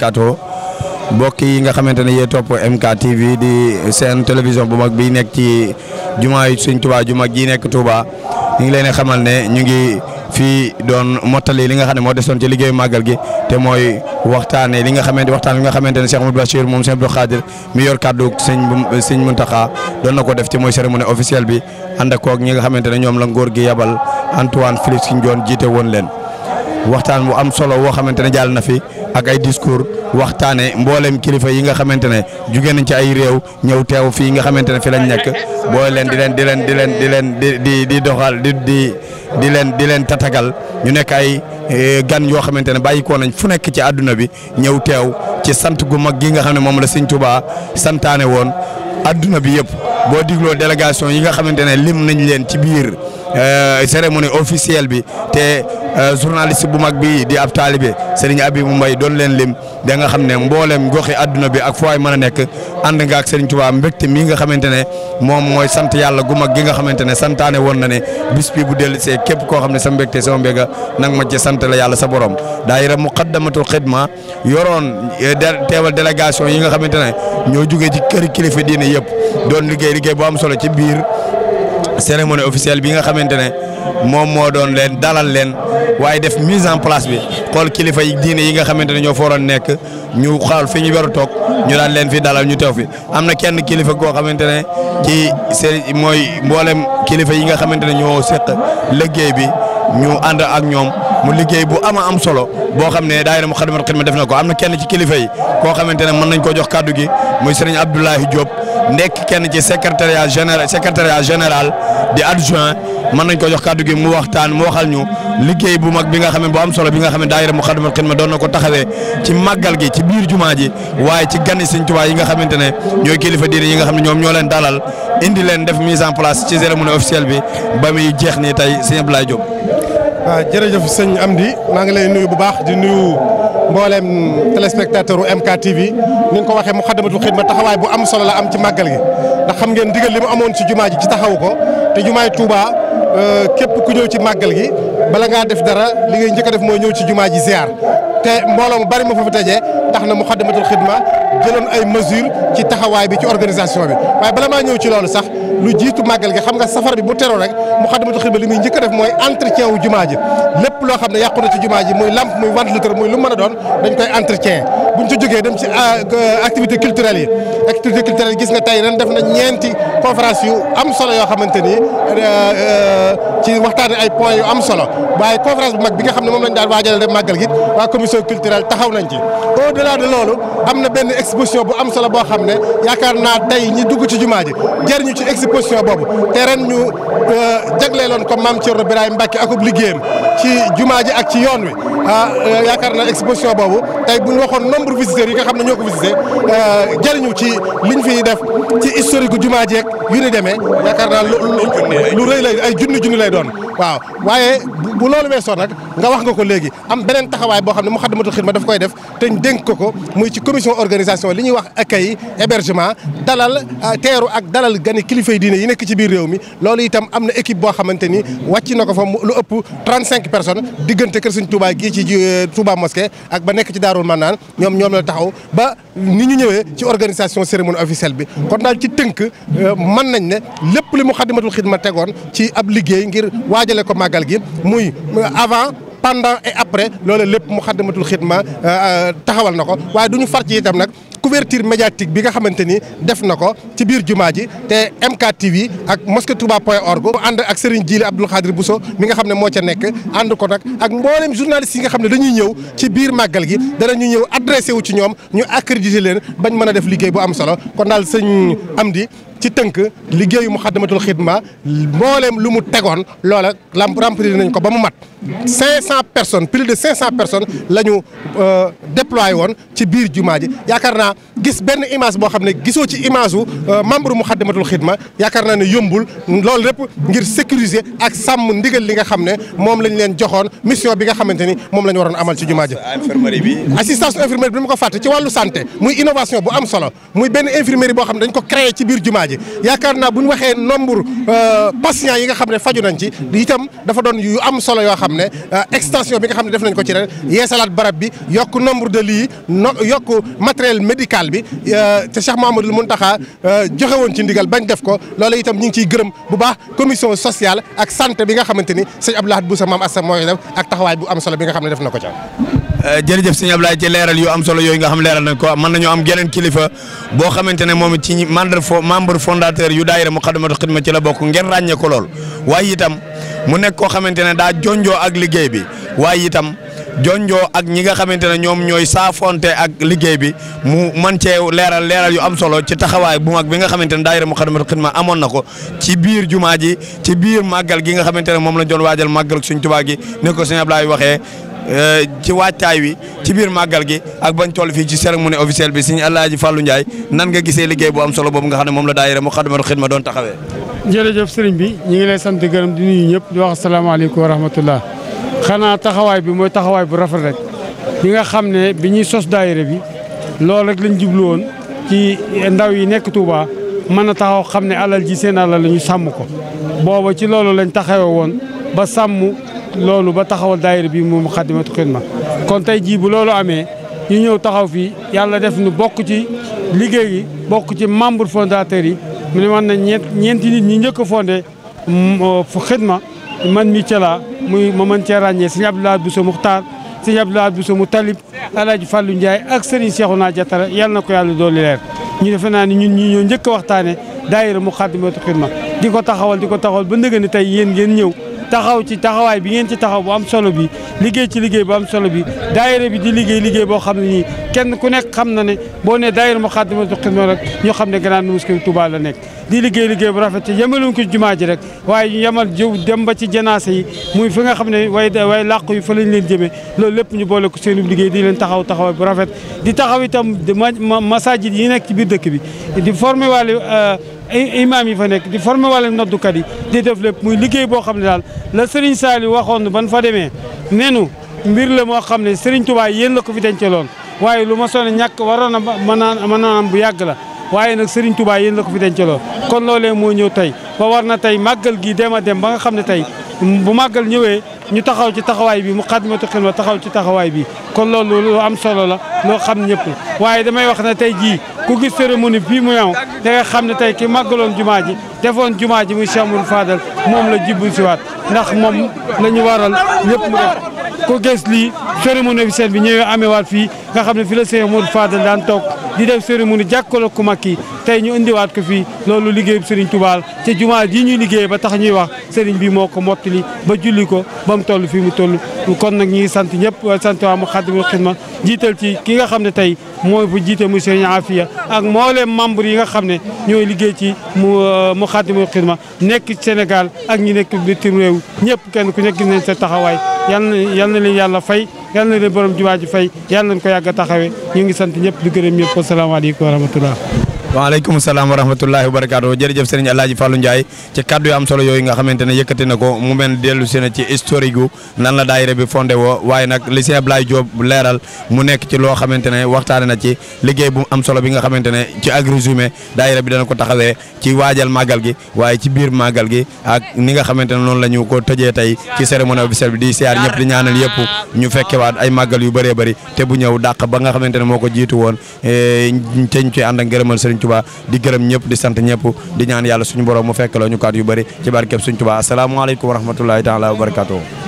Mercato mbokk yi nga xamante ne yee topp MK TV di seen télévision bu mag bi nekk ci jumaa yi Sëñ Tuubaa ju mag ji nekk Touba ñu ngi leen a xamal ne ñu ngi fii doon mottali li nga xam ne moo desoon ci liggéeyu màggal gi te mooy waxtaanee li nga xamante waxtaan li nga xamante ne Cheikh Mouhamadou Bachir moom Sëñ Abdou Khadir mi yor kàddu sëñ sëñ Mountakha doon na ko def ci mooy cérémonie officielle bi ànd ak ñi nga xamante ne ñoom la ngóor gi yabal Antoine Félix Ndione jiite woon leen waxtaan am solo woo xamante ne na fi. ak ay discours waxtaane mboolem kilifa yi nga xamante ne jugee nañ ci ay réew ñëw teew fii nga xamante ne fi lañ nekk boo leen di leen di di leen di leen di di di doxal di di di leen di leen tatagal ñu nekk ay eh, gan yoo xamante ne bàyyi nañ fu nekk ci adduna bi ñëw teew ci sant gu mag gi nga xam ne moom la Sëñ Tuubaa santaane woon adduna bi yëpp boo digloo délégation yi nga xamante ne lim nañ leen ci biir eh, cérémonie officielle bi te Euh, journaliste bu mag bi di ab taalibe Serigne Abibou Mbaye doon leen lim da nga xam ne mboolem goxi adduna bi ak fooy mën a nekk ànd nga ak Serigne Touba mbégte nga xamante ne moom mooy sant yàlla gu mag gi nga xamante ne santaane woon na ne bis bu del see képp koo xam ne sa mbégte sama mbéga nag ma ci sant la yàlla sa borom daayira muqaddamatul xidma yoroon eh, teewal délégation yi nga xamante ne ñoo jugee ci kër kilifa diine yëpp doon liggéey liggéey bu ci bi nga moom moo doon leen dalal leen waaye def mise en place bi xool kilifa yi diine yi nga xamante ne ñoo fooroon nekk ñu xaal fi ñu war a toog ñu daan leen fi dalal ñu teew fi am na kenn kilifa koo xamante ne ci seen mooy mboolem kilifa yi nga xamante ne ñoo seq liggéey bi ñu ànd ak ñoom mu liggéey bu ama am solo boo xam ne daayira Moukhaddamatoul Khidma def na ko am na kenn ci kilifa yi koo xamante ne mën nañ koo jox kàddu gi muy sëriñ Abdoulahi Diop. nekk kenn ci secrétariat général secrétariat général di adjoint mën nañ ko jox kàddu gi mu waxtaan mu waxal ñu liggéey bu mag bi nga xam ne bu am solo bi nga xam ne daayira Moukhaddamatoul ma doon na ko taxawee ci màggal gi ci biir jumaa ji waaye ci gani Sëñ Tuubaa yi nga xamante ne ñooy kilifa diir yi nga xam ne ñoom ñoo leen dalal indi leen def mise en place ci cérémonie officielle bi ba muy jeex nii tey sëñ Abdoulaye Diop. waaw ah, jërëjëf sëñ Amdi maa ngi lay nuyu bu baax di mboolem téléspectateur u MKTV ni nga ko waxee mu xaddamatul xidma taxawaay bu am solo la am ci màggal gi ndax xam ngeen digal li mu amoon ci jumaa ji ci taxawu ko te jumaay Touba euh, képp ku ñëw ci màggal gi bala ngaa def dara li ngay njëkk def mooy ñëw ci jumaa ji ziar te mbooloo mu bari ma fa fi tejee tax na mu xaddamatul xidma jëloon ay mesures ci taxawaay bi ci organisation bi waaye bala maa ñëw ci loolu sax lu jiitu màggal gi xam nga safar bi bu teroo rek Moukhaddamatoul Khidma li muy njëkk a def mooy entretien wu jumaa ji lépp loo xam ne yàqu na ci jumaa ji muy lamp muy ventilateur muy lu mën a doon dañ koy entretien buñ ci jógee dem ci ah, euh, activité culturelle yi activité culturelle gis nga tey ren def na ñeenti conférence yu am solo yoo xamante ni euh, euh, ci waxtaane ay points yu am solo waaye conférence bu mag bi nga xam ne moom lañ daal waajal dem màggal gi waa commission culturelle taxaw nañ ci au delà de loolu am na benn exposition bu am solo boo xam ne yaakaar naa tey ñi dugg ci jumaa ji jëriñu ci exposition boobu te ren ñu jagleeloon ko maam Thierno Birahim Mbacke akub liggéeyam ci jumaa ji ak ci yoon wi Ah, euh, yaakaar na exposition boobu tey bu ñu waxoon nombre visiteurs yi nga xam ne ñoo ko visité euh, jëriñu ci liñ fiy def ci historique gu jumaa jeeg yu ni demee yaakaar naa lu rëy lay ay junni junni lay doon waaw waaye bu loolu weesoo nag nga wax nga ko léegi am beneen taxawaay boo xam ne Moukhaddamatoul Khidma daf koy def te ñu dénk ko ko muy ci commission organisation li ñuy wax accueil hébergement dalal euh, teeru ak dalal gani kilifa diine yi nekk ci biir réew mi loolu itam am na équipe boo xamante ni wàcc na ko fa lu ëpp 35 personnes diggante kër Sëriñ Touba gii ci euh, Touba mosquée ak ba nekk ci Daarul naan ñoom ñoom la taxaw ba ni ñu ñëwee ci organisation cérémonie officielle bi kon daal ci tënk euh, mën nañ ne lépp li Moukhaddamatoul Khidma tegoon ci ab liggéey ngir waajale ko màggal gi muy pendant et après loole lépp mu xaddamatul xidma euh, euh, taxawal na ko waaye du ñu far ci itam nag couverture médiatique bi nga xamante ni def na ko ci biir jumaa ji te MKTV ak mosquée touba point org mu ànd ak Serigne Djili Abdoul Khadir Bousso mi nga xam ne moo ca nekk ànd ko nag ak mboolem journaliste yi nga xam ne dañuy ñëw ci biir màggal gi danañu ñëw adressé wu ci ñoom ñu accrédité leen bañ mën a def liggéey bu am solo kon daal sëñ Amdi ci tënk liggéeyu Moukhaddamatoul Khidma mbooleem lu mu tegoon loola lam remplir nañ ko ba mu mat cinq cent personnes plus de cinq cent personnes la ñu euh, déployé woon ci biir jumaa ji yaakaar naa gis benn image boo xam ne gisoo ci image wu euh, membre Moukhaddamatoul Khidma yaakaar naa ne yombul loolu lépp ngir sécuriser ak sàmm ndigal li nga xam ne moom lañ leen joxoon mission bi nga xamante ni moom la ñu waroon amal ci jumaa ji assistance infirmerie bi ma ko fàtte ci wàllu santé muy innovation bu am solo muy benn infirmerie boo xam ne dañ ko ci biir jumaa yaakaar naa bu ñu waxee nombre euh, patients yi nga xam ne faju nañ ci itam dafa doon yu am solo yoo xam ne euh, extension bi nga xam ne def nañ ko ci ren yeesalaat barab bi yokk nombre de lits no yokk matériel médical bi euh, te Cheikh Mouhamadoul Mountakha joxe woon ci ndigal bañ def ko loolu itam ñu ngi ciy gërëm bu baax commission sociale ak santé bi nga xamante ni sëñ Abdoulaye Boussa Mame Assa mooy def ak taxawaay bu am solo bi nga xam ne def na ko ca Euh, jërëjëf sëñ Ablaye ci leeral yu am solo yooyu nga xam leeral nañ ko mën nañoo am geneen kilifa boo xamante ne moom ci membre membre fondateur yu daayira Muqaddamatul Xidma ci la bokk ngeen ràññee ko lool waaye itam mu nekk koo xamante ne daa jonjoo ak liggéey bi waaye itam jonjoo ak ñi nga xamante ne ñoom ñooy saafonte ak liggéey bi mu man cee leeral leeral yu am solo ci taxawaay bu mag bi nga xamante ne daayira Muqaddamatul Xidma amoon na ko ci biir juma ji ci biir màggal gi nga xamante ne moom lañ doon waajal màggal suñ Tuubaa gi ne ko sëñ waxee Euh, ci waajtaay wi ci biir màggal gi ak bañ toll fii ci cérémonie officielle bi sëñ Alaaji Fallou Ndiaye nan nga gisee liggéey bu am solo boobu nga xam ne moom la daayira Moukhaddamatoul Khidma doon taxawee. jërëjëf sëriñ bi ñu ngi lay sant gërëm di nuyu ñëpp di wax asalaamaaleykum wa rahmatullah xanaa taxawaay bi mooy taxawaay bu rafet rek bi nga xam ne bi ñuy sos daayira bi loolu rek lañ jublu woon ci ndaw yi nekk Touba mën a taxaw xam ne alal ji seen alal la ñu sàmm ko booba ci loolu lañ taxawee woon ba sàmm loolu ba taxawal daayira bi moom Moukhaddamatoul Khidma kon tey jii bu loolu amee ñu ñëw taxaw fii yàlla def nu bokk ci liggéey bokk ci membre fondateur yi mu ne man na ñeent ñeenti nit ñi njëkk a fondé mm, euh, xidma man mi ca laa muy ma mën cee ràññee sëñ Abdoulaye Bousso Muxtaar sëñ Abdoulaye Bousso mu talib Alaaji Fàllu njaay ak Serigne Cheikhouna Diatara yàlla na ko yàlla dooli leer ñu defe naa ni ñun ñi ñoo njëkk a waxtaane daayira Moukhaddamatoul Khidma di ko taxawal di ko taxawal ba tey yéen ngeen ñëw taxaw ci taxawaay bi ngeen ci taxaw bu am solo bi liggéey ci liggéey bu am solo bi daayira bi di liggéey liggéey boo xam ne nii kenn ku nekk xam na ne boo ne daayira Moukhaddamatoul Khidma rek ñoo xam ne Grande Mosquée Touba la nekk di liggéey liggéey bu rafet ci yemaluñ ko jumaa ji rek waaye ñu yemal jiw dem ba ci janaasa yi muy fi nga xam ne way way làqu yi fa lañ leen jëmee loolu lépp ñu boole ko seenu liggéey di leen taxaw taxaw bu rafet di taxaw itam masajid yi nekk ci biir dëkk bi di formé waale euh, ay imaam yi fa nekk di formé wàllum noddukat yi di def lépp muy liggéey boo xam ne daal la Serigne Saliou waxoon ban fa demee nenu mbir la moo xam ne Serigne Touba yéen la ko fi loon waaye lu ma sonn ñàkk waroon a mën a mën a am bu yàgg la waaye nag Serigne Touba yéen la ko fi denceloon kon loolee moo ñëw tey ba war na tey màggal gii dem a dem ba nga xam ne tey bu màggal ñëwee ñu taxaw ci taxawaay bi mu xadimatu xidma taxaw ci taxawaay bi kon loo lu am solo la loo xam ñëpp waaye damay wax ne tey jii ku gis cérémonie bii mu ñëw da nga xam ne tey ki màggaloon jumaa ji defoon jumaa ji muy Cheikh Mourou Fadal moom la jibbu si waat ndax moom la ñu waral ñëpp mu def ku gis lii cérémonie bi seen bi ñëwee amee waat fii nga xam ne fi la Cheikh Mourou Fadal daan toog di def nu jàkkaarloog ku mag yi tey ñu indiwaat ko fii loolu liggéeyub Serigne Touba te jumaa ji ñuy liggéey ba tax ñuy wax Serigne bi moo ko mottali ba julli ko ba mu toll fii mu toll kon nag ñi sant ñëpp sant waa mu Moukhaddamatoul Khidma jiital ci ki nga xam ne tey mooy bu jiite muy Serigne Afia ak mboolem membre yi nga xam ne ñooy liggéey ci mu euh, Moukhaddamatoul Khidma nekk Sénégal ak ñu nekk bitim réew ñëpp kenn ku nekk gis nañ sa taxawaay yal na yal leen yàlla fay yal leen borom jumaa ji fay yal nañ ko yàgg a taxawee ñu ngi sant ñëpp di gërëm ñëpp asalaamaaleykum wa rahmatullah waaleykum salaam wa rahmatullahi wa barakaatu jërëjëf sëriñ Alaaji Fallou Ndiaye ci kaddu yu am solo yooyu nga xamante ne yëkkati na ko mu mel dellu si na ci historique gu nan la daayira bi fondé woo waaye nag li sëñ Ablaye Diop leeral mu nekk ci loo xamante ne waxtaane na ci liggéey bu am solo bi nga xamante ne ci Agri Zoomé daayira bi dana ko taxawee ci waajal màggal gi waaye ci biir màggal gi ak ni nga xamante ne noonu la ñu ko tëjee tey ci cérémonie officielle bi di siyaar ñëpp di ñaanal yëpp ñu fekkewaat ay màggal yu bëree bëri te bu ñëw dàq ba nga xamante ne moo ko jiitu woon eh, teñ ci ànd ak ngërëmal Touba di gërëm ñëpp di sant ñëpp di ñaan yàlla suñu borom mu fekk la ñu kaat yu bëri ci barkeb suñ Touba asalaamaaleykum wa rahmatullahi taala wa barakatuh